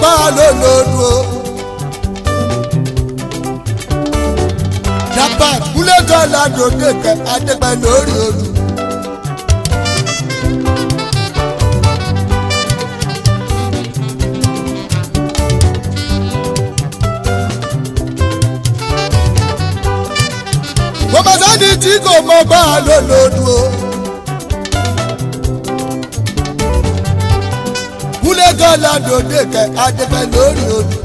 bá lòlòdù o. Dàpà kúlẹ̀ dọ́là lòdì kẹ́ adẹ́gbẹ́ lórí odù. tí kò mọ bá a lò lòdù o. kúlẹ̀ kan ládòdè kẹ adẹ́fẹ́ lórí odò.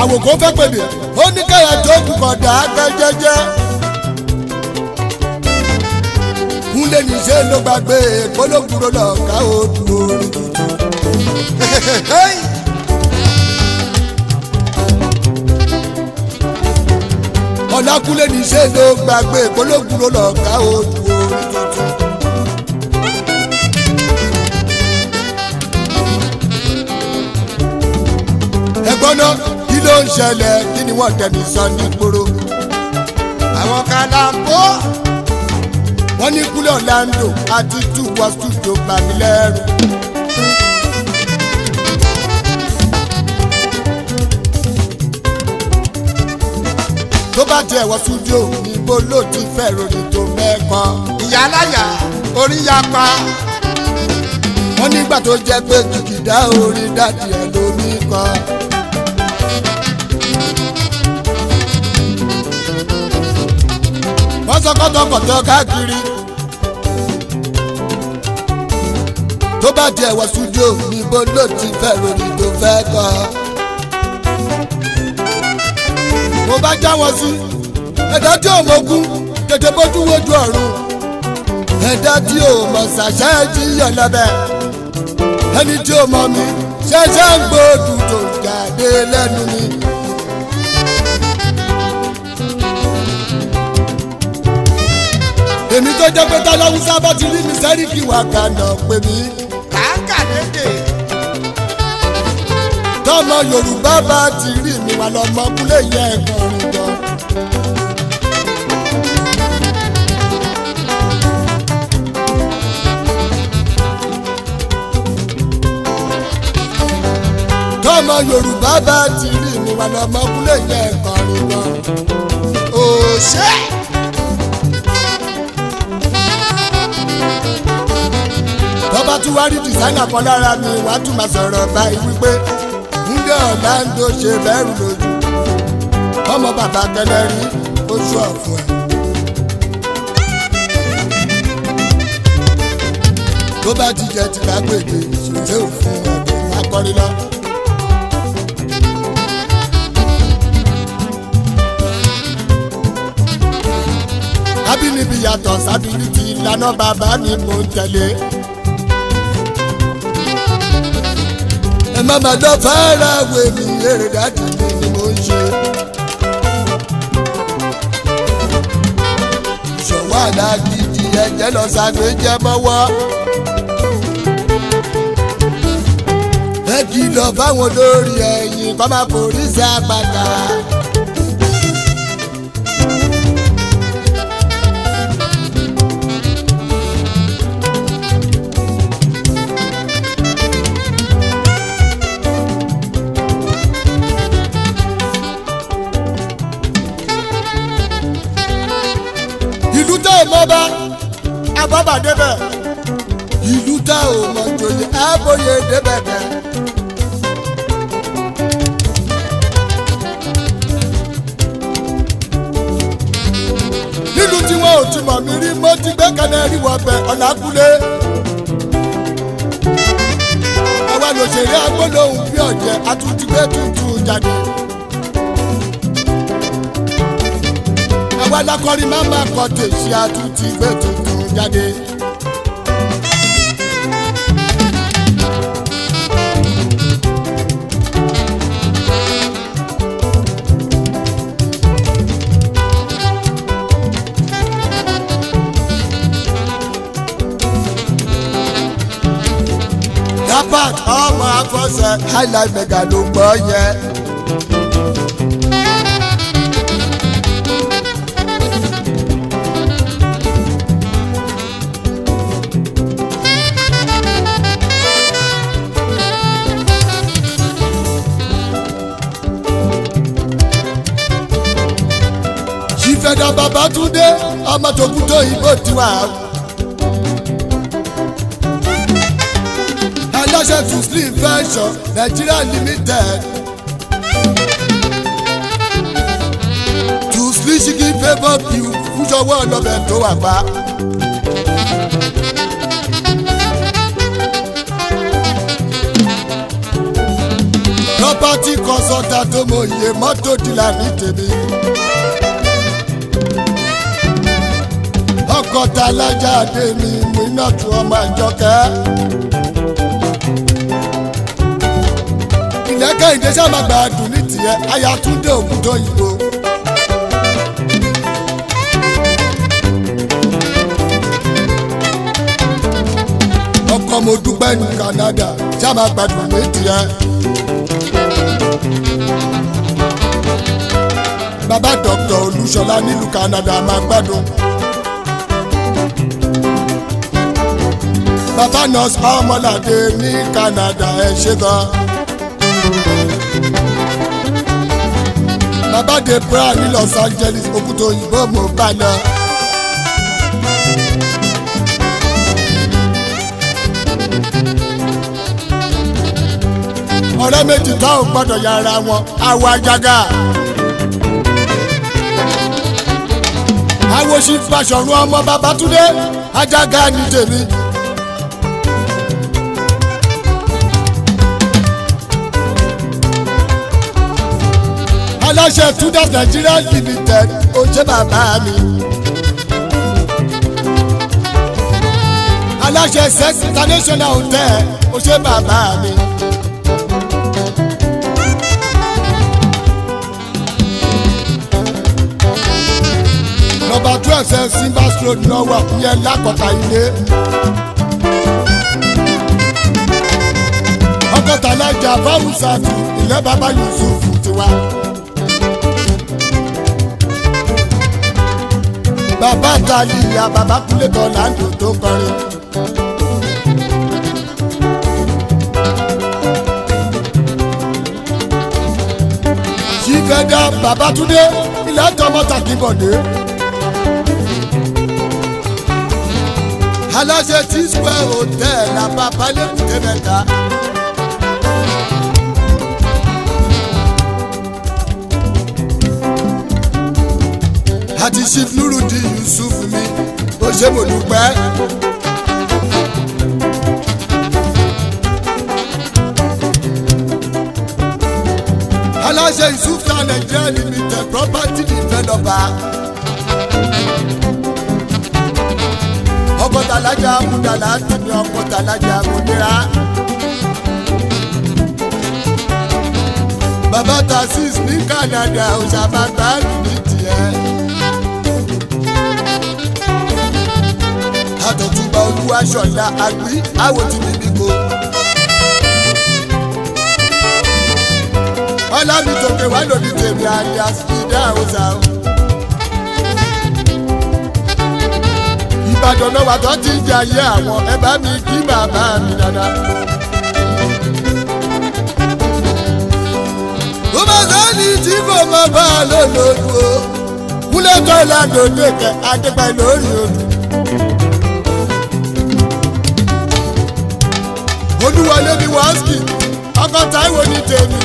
àwòkọ́ fẹ́ pèmí ó ní kẹ́yà tó kù kọ̀ dàákẹ́ jẹ́jẹ́. kúlẹ̀ níṣẹ́ ló gbàgbé kólókùrọ̀ lọ́ọ̀ká ó dúró ọlákúlẹ̀ níṣẹ́ ló gbàgbé ìpológun ló lọ ká ojú orin tuntun. ẹ̀gbọ́n náà kí ló ń ṣẹlẹ̀ kí ni wọ́n tẹ̀ sọ ní gbòòrò. àwọn kàdáńkó wọ́n ní kúlẹ̀ ọ̀làǹdò àti two was two tó gbàmílẹ́rù. tó bá tiẹ̀ wọ studio níbo ló ti fẹ́ ròyìn tó mẹ́kọ. ìyáláyà orí ya pa. wọ́n nígbà tó jẹ́ pé jìgìdá orin dádì ẹ̀ ló ní kọ. wọ́n sọ kọ́tọ̀kọ̀tọ̀ káàkiri. tó bá tiẹ̀ wọ studio níbo ló ti fẹ́ ròyìn tó fẹ́ kọ mo bá já wọn sí ẹ̀dá tí ò mọ̀gún tètè bójú wojú ọ̀run ẹ̀dá tí ò mọ̀ ṣàṣẹ́ jiyàn lọ́bẹ̀ ẹni tí ò mọ̀ mi ṣẹ̀ṣẹ̀ ń gbòdù tó jáde lẹ́nu mi. èmi tó jẹ́ pé táláwùsá bá ti rí mi sẹ́ríkì wà kànáà pè mí. kàńkà lédè tọ́mọ Yorùbá bá ti rí mi wà lọ́mọkúlé yẹ ẹ̀kan rúbọ. tọ́mọ Yorùbá bá ti rí mi wà lọ́mọkúlé yẹ ẹ̀kan rúbọ. òṣè. Oh, tọ́ba tún wá rí dìsáínà kan lára mi wàá tún máa sọ̀rọ̀ báyìí wípé Sunday Ọ̀làǹdó ṣe bẹ́rù lójú ọmọ bàbá kẹlẹ́rí ó tú ọ̀fun ẹ̀. tó bá ti jẹ ti ká gbèdé ṣùgbọ́n òfin ọ̀dọ̀ akọrin abínibí yàtọ̀ sábìlì ti ìlànà bàbá mi mò ń tẹ̀lé. ẹ má má dán fara wo èmi eré dájú ni mo ń ṣe. ṣọwọ́ àdágídí ẹ̀jẹ̀ lọ sàgbé jẹ́ mọ́wọ́. ẹ kìlọ̀ fáwọn olórí ẹ̀yìn kọ́ máa àgbàdo. bá débẹ̀ ìlú tá ò mọ̀ jòyè àbòyè débẹ̀ bẹ̀. nílùú tí wọn ò ti mọ̀ mí rí mo ti gbé kẹ́nẹ́ rí wọ bẹ̀ ọ̀nà kúlé. àwa lòṣèré agbólóhùn bí ọ̀jẹ̀ àtúntìgbé tuntun jáde. àwa lakọrin máa ma kọ tèṣí àtúntìgbé tuntun jáde. dapat ọmọ afọsẹ high life mega ló gbọ́ yẹn. Ọ̀gẹ̀dẹ̀ Babátúndé ọmọ tòkútó ìbò tiwa. aláṣẹ to sleep fashion Nigeria limited. to sleep ṣíkí favour view fúnṣọwọ́ ọlọ́bẹ̀ tó wà pa. property consultant tó mọ iye mọ́tò dìlà ní tèmi. kọ́ta alájà dé mi mi náà tún ọmọ àjọkẹ́. ìlẹ́kẹ̀ ìdè sábàgbà dùn ní tiẹ̀ ayatúndé òkúta òyìnbó. ọkọ mo dúpẹ́ ní Canada sábàgbà dùn ní tiẹ̀. bàbá dr olúṣọlá nílùú Canada máa gbádùn. bàbá nurse ọmọlàdé ní Canada ẹ ṣe gan. bàbá de pra ní Los Angeles òkúta òyìnbó mo bá lọ. ọ̀rẹ́ méjì tá ò gbọ́dọ̀ yára wọn àwọ̀ àjàgà. àwòṣì Baṣọ̀run ọmọ Babátúndé àjàgà ní tèmi aláṣẹ Tudas Nigeria Limited ó jẹ́ bàbá mi. aláṣẹ Sex International Hotel ó jẹ́ bàbá mi. nọmba twelve ṣe Simbas Road lọ́wọ́ yẹn lákọ̀tà ilé. ọkọ̀ tàlájà fáwùsàtì ilẹ̀ bàbá Yusuf tiwa. Baba taliya bàbá kúlẹ̀ kọ́láńdò tó kọrin. sífẹ́dá bàbá túndé ilẹ̀ tọmọ tàkìbọ̀dé. aláṣẹ tí square hotel la bàbá lẹ́kùté mẹ́ta. àti sí di yusuf mi ó ṣe mo dúpẹ́. aláṣẹ ìsúfà nàìjíríà limited property developer. ọkọ̀ talaja mudala tẹ̀mí ọkọ̀ tàlájà amúdìrá. bàbá tasis ní Canada ọ̀sàbàbà nìyí tiẹ̀. olúwa ṣọ̀dá àgbí àwọn ti bíbí ko. ọlá mi tòkè wá lòdì tèmi àdá ìdá àwòsà o. ìbàdàn náà wà tó ti ń jẹ ayé àwọn ẹ bá mi kí bàbá mi dáadáa. bó bá sọ́ni tí kò mọ bá a lò lòdù o kúlẹ̀ tó ládòdò kẹ adépa lórí odò. olúwalé ni wàásù ọkọ táìwò ní tèmi.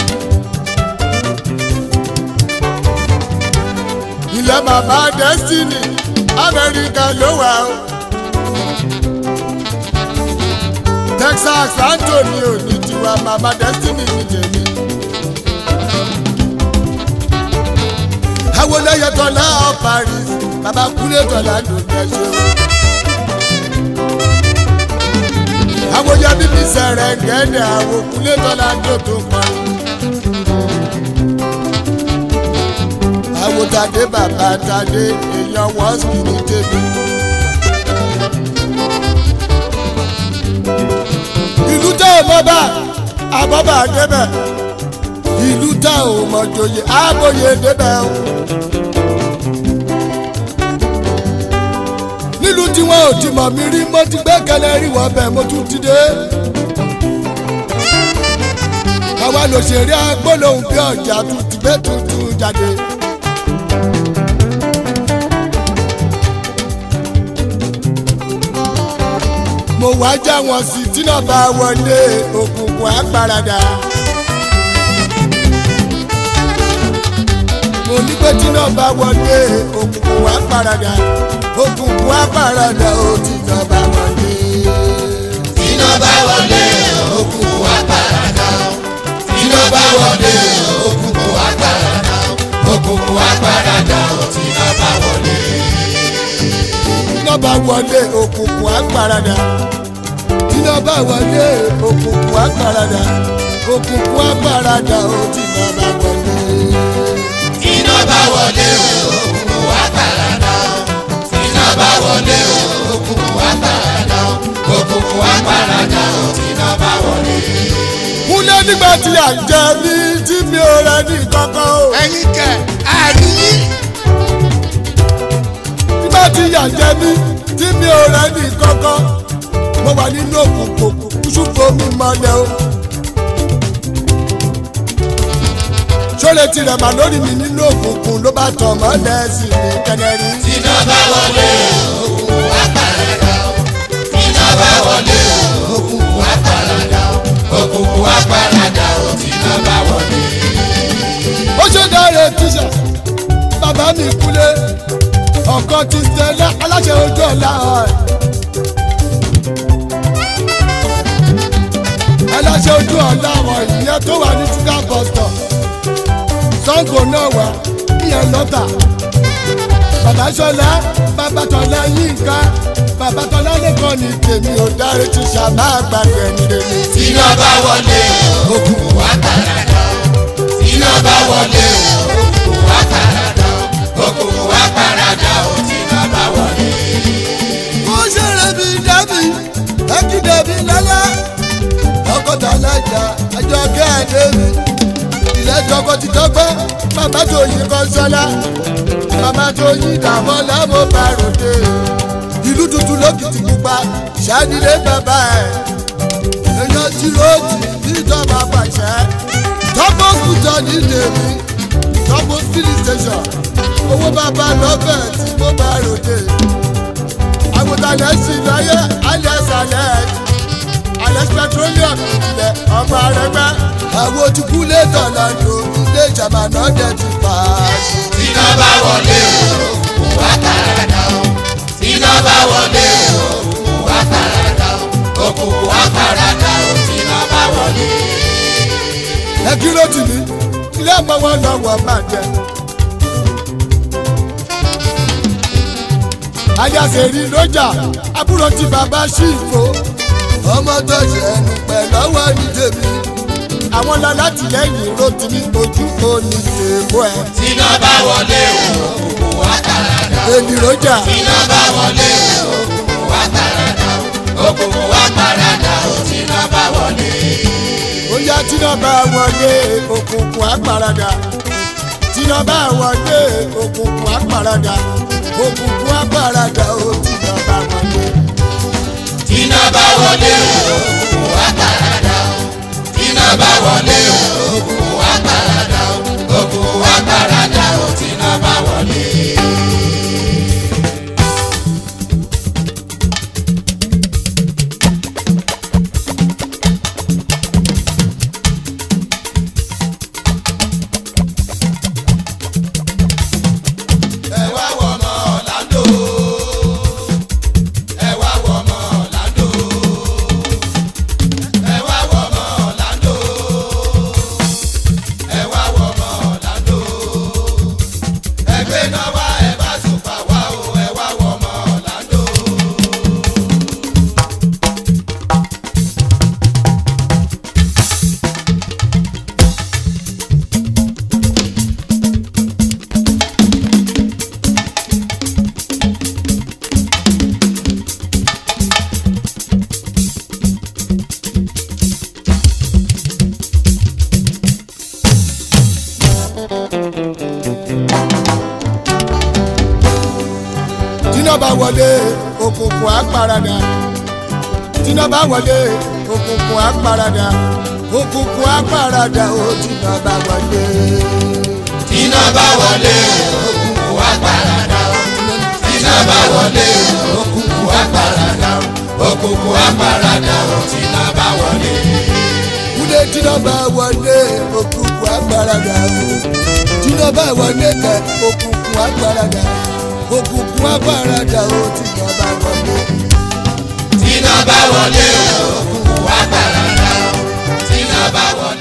Ilé bàbá destiny amẹ́ríkà ló wà o. texas anthony ò ní tiwa bàbá destiny ní tèmi. awolẹ́yẹ tọ́lá ọ̀ paris bàbá kúlẹ̀ tọ́lá ló dẹ́ ṣe àwòjọ bíbí sẹ̀rẹ̀ gẹ́dẹ̀ àwòkúlé tọ́lá tó tó pa. àwòtadé bàbá tadé èèyàn wọ́ọ̀sì ní tèmi. ìlú tá ò mọ́ bá àbọ̀bà débẹ̀ ìlú tá ò mọ̀ jòyè àbòyè débẹ̀ o. ìlú tí wọn ò ti mọ̀ mí rí mo ti gbẹ́kẹ̀lé rí wọ́n bẹ́ẹ̀ mo tún ti dé. àwa lòṣèré agbóhùn bí ọjà tuntun gbé tuntun jáde. mo wá já wọn sí tí náà bá wọlé òkùnkùn á onígbé tí náà bá wọlé òkùnkùn wá parada. òkùnkùn wá paradà ó tí náà bá wọlé. tí náà bá wọlé òkùnkùn wá paradà tí náà bá wọlé òkùnkùn wá paradà òkùnkùn wá paradà ó tí náà bá wọlé. tí náà bá wọlé òkùnkùn wá paradà tí náà bá wọlé òkùnkùn wá paradà òkùnkùn wá paradà ó tí náà bá wọlé bá wọlé òkùnkùn wá tààrà náà iná bá wọlé òkùnkùn wá tààrà náà òkùnkùn wá tààrà náà iná bá wọlé. kúnlẹ̀ nígbà tí à ń jẹ ní tí mi ò rẹ ní kankan o. ẹ̀yin kẹ àríyí. nígbà tí à ń jẹ ní tí mi ò rẹ ní kankan mo wà nínú òkùnkùn kúṣùfò mi mọ́lẹ̀ o. ṣọlẹ̀ tirẹ̀ mà lórí mi nínú òkùnkùn ló bá tàn mọ́lẹ̀ sí ní kẹnẹrí. tíná bá wọlé òkùnkùn wá paradà ó tíná bá wọlé òkùnkùn wá paradà òkùnkùn wá paradà ó bá wọlé. ó ṣe dáre tíṣà bàbá mi kúlé ọkọ ti tẹlẹ aláṣẹ ojú ọ̀la aláṣẹ ojú ọ̀la àwọn ìyẹn tó wà ní sugar bus stop. Ṣàngó náà wà ìyẹn lọ́tà. bàbá ṣọlá bàbá tọ́lá yínká bàbá tọ́lá lẹ́kọ̀ọ́ ní tèmi ò dárí ti ṣàmá àgbàgbẹ́ ní tèmi. iná bá wọlé ogun wà kàràdà iná bá wọlé ogun wà kàràdà ogun wà kàràdà ó ti iná bá wọlé. ó ṣẹlẹ̀ bí dábì ẹkí dẹ̀bí lálá ọkọ̀ tàlàjà àjọkẹ́ àdébí tọkọtìtọ́gbọ́ màmá tó yí kọ́sọ́lá màmá tó yí dàmọ́lá mo bá ròde. ìlú tuntun lókìtì pupa ṣáàdìlé bàbá ẹ̀ èèyàn tí ròdì níjọba pàṣẹ. tọ́pọ̀ kùtọ̀ nílé mi tọ́pọ̀ sílì tẹ̀sán owó bàbá lọ́bẹ̀ tí mo bá ròde. àgùntàn lẹ́sìn láyé alẹ́ sàlẹ̀ ẹ̀jẹ̀. Adex petroleum ilẹ̀ ọmọ Arẹgbẹ́. àwọn ojúkú lè tọ̀nà lò ilé ìjàmbá náà jẹ́ ti pa. iná bá wọlé o kò wá tààràdà o iná bá wọlé o kò wá tààràdà o kò wá tààràdà o iná bá wọlé. ẹ dúró tì mí ilé ọmọ wọn lọ wọ máa jẹ. ayáṣe rí lójà àbúrò tí bàbá ṣì fò ọmọ tó ṣe ẹnu pẹ̀lú ọwọ́ ní tèmi. àwọn lọ látìlẹ́yìn rotimi ojú òní èèmọ ẹ. tíná bá wọlé òkòkò wá tàràdà. èmi rọjà. tíná bá wọlé òkòkò wá tàràdà. òkòkò wá tàràdà ó tíná bá wọlé. ó yá tíná bá wọlé òkòkò wá tàràdà tíná bá wọlé òkùnkùn àpàràdà òkùnkùn àpàràdà òtí bá wọlé o kò wá tààrà dá o iná bá wọlé o bá wọlé òkùnkùn àpàràdà òkùnkùn àpàràdà ó tìǹà bá wọlé. tìǹà bá wọlé òkùnkùn àpàràdà tìǹà bá wọlé òkùnkùn àpàràdà òkùnkùn àpàràdà ó tìǹà bá wọlé. kúlẹ̀ tìǹà bá wọlé òkùnkùn àpàràdà tìǹà bá wọlé òkùnkùn àpàràdà òkùnkùn àpàràdà ó tìǹà bá wọlé tíná bá wọlé o kò wá gbàrà náà tíná bá wọlé.